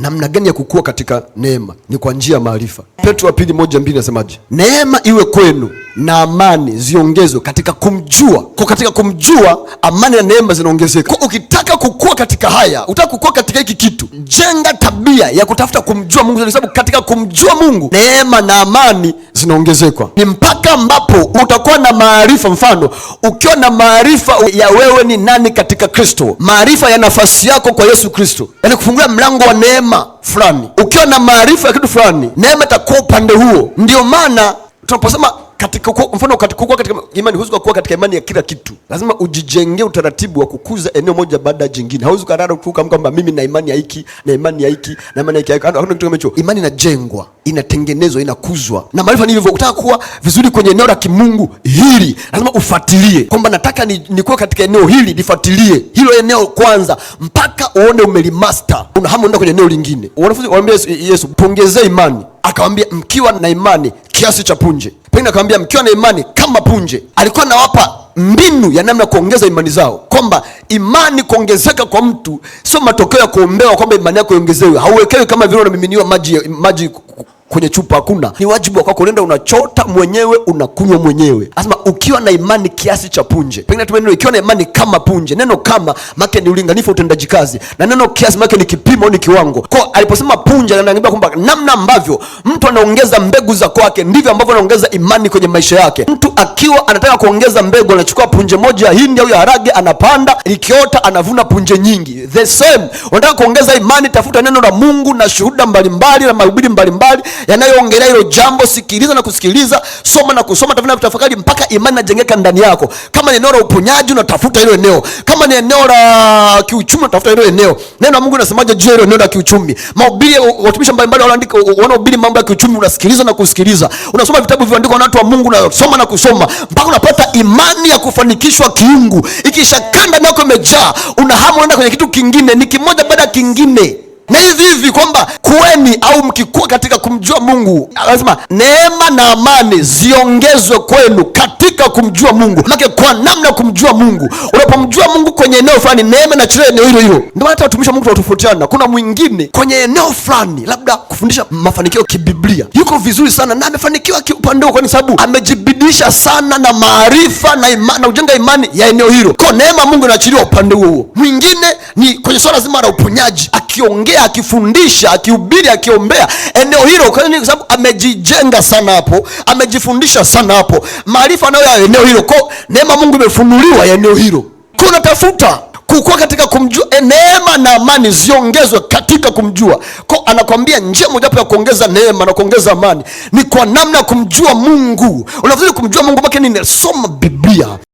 Namna gani ya kukua katika neema? Ni kwa njia ya maarifa. Petro wa pili moja mbili nasemaje? Neema iwe kwenu na amani ziongezwe katika kumjua. Kwa katika kumjua, amani na neema zinaongezeka. Ukitaka kukua katika haya, utaka kukua katika hiki kitu, jenga tabia ya kutafuta kumjua Mungu, kwa sababu katika kumjua Mungu neema na amani zinaongezekwa. Ni mpaka ambapo utakuwa na maarifa. Mfano, ukiwa na maarifa ya wewe ni nani katika Kristo, maarifa ya nafasi yako kwa Yesu Kristo yanakufungulia mlango wa neema fulani. Ukiwa na maarifa ya kitu fulani, neema itakuwa upande huo. Ndio maana tunaposema katika kwa, mfano katika kukua katika imani, huwezi kuwa katika imani ya kila kitu. Lazima ujijengee utaratibu wa kukuza eneo moja baada ya jingine. Hauwezi kurara kutuka kwamba mimi na imani ya hiki na imani ya hiki na imani ya hiki. Hakuna kitu kama hicho. Imani inajengwa, inatengenezwa, inakuzwa na maarifa. Ni hivyo, ukitaka kuwa vizuri kwenye eneo la kimungu hili, lazima ufuatilie kwamba nataka ni, ni kuwa katika eneo hili, nifuatilie hilo eneo kwanza mpaka uone umelimaster. Una hamu unaenda kwenye eneo lingine. Wanafunzi waambia Yesu, Yesu pongezee imani akawambia mkiwa na imani kiasi cha punje, pengine akawambia mkiwa na imani kama punje. Alikuwa anawapa mbinu ya namna kuongeza imani zao, kwamba imani kuongezeka kwa mtu sio matokeo ya kuombewa kwamba imani yako iongezewe. Hauwekewi kama vile unamiminiwa maji maji kwenye chupa hakuna. Ni wajibu wako kulenda, unachota mwenyewe, unakunywa mwenyewe. Anasema ukiwa na imani kiasi cha punje, pengine natumia neno ikiwa na imani kama punje. Neno kama make ni ulinganifu utendaji kazi, na neno kiasi make ni kipimo au ni kiwango. Kwa aliposema punje, ananiambia kwamba namna ambavyo mtu anaongeza mbegu za kwake, ndivyo ambavyo anaongeza imani kwenye maisha yake. Mtu akiwa anataka kuongeza mbegu, anachukua punje moja ya hindi au ya harage, anapanda, ikiota anavuna punje nyingi. The same, unataka kuongeza imani, tafuta neno la Mungu na shuhuda mbalimbali na mahubiri mbalimbali mbali yanayoongelea hilo jambo. Sikiliza na kusikiliza, soma na kusoma, tafuna na kutafakari, mpaka imani inajengeka ndani yako. Kama ni eneo la uponyaji, unatafuta hilo eneo. Kama ni eneo la kiuchumi, unatafuta hilo eneo. Neno la Mungu linasemaje juu ya hilo eneo la kiuchumi? Mahubiri, watumishi mbalimbali wanaandika, wanahubiri mambo ya kiuchumi, unasikiliza na kusikiliza, unasoma vitabu vilivyoandikwa na watu wa Mungu, unasoma na kusoma mpaka unapata imani ya kufanikishwa kiungu. Ikishakaa ndani yako imejaa, unahamu unaenda kwenye kitu kingine, ni kimoja baada ya kingine ni hivi hivi kwamba kuweni au mkikua katika kumjua Mungu, anasema neema na amani ziongezwe kwenu katika kumjua Mungu. Maana kwa namna ya kumjua Mungu, unapomjua Mungu kwenye eneo fulani, neema inachilia eneo hilo hilo. Ndio hata watumishi wa Mungu tunatofautiana. Kuna mwingine kwenye eneo fulani, labda kufundisha mafanikio kibiblia, yuko vizuri sana na amefanikiwa kiupande huo, kwa sababu amejibidisha sana na maarifa na ima, na kujenga imani ya eneo hilo, kwa neema Mungu inaachiliwa upande huo huo. Mwingine ni kwenye swala zima la uponyaji akiongea, akifundisha, akihubiri, akiombea eneo hilo, kwa sababu amejijenga sana hapo, amejifundisha sana hapo, maarifa nayo ya eneo hilo, kwa neema Mungu imefunuliwa ya eneo hilo, kwa unatafuta kukua katika kumjua. Eh, neema na amani ziongezwe katika kumjua. Kwa anakwambia njia mojawapo ya kuongeza neema na kuongeza amani ni kwa namna ya kumjua Mungu. Unavizuri kumjua Mungu make nini? Soma Biblia,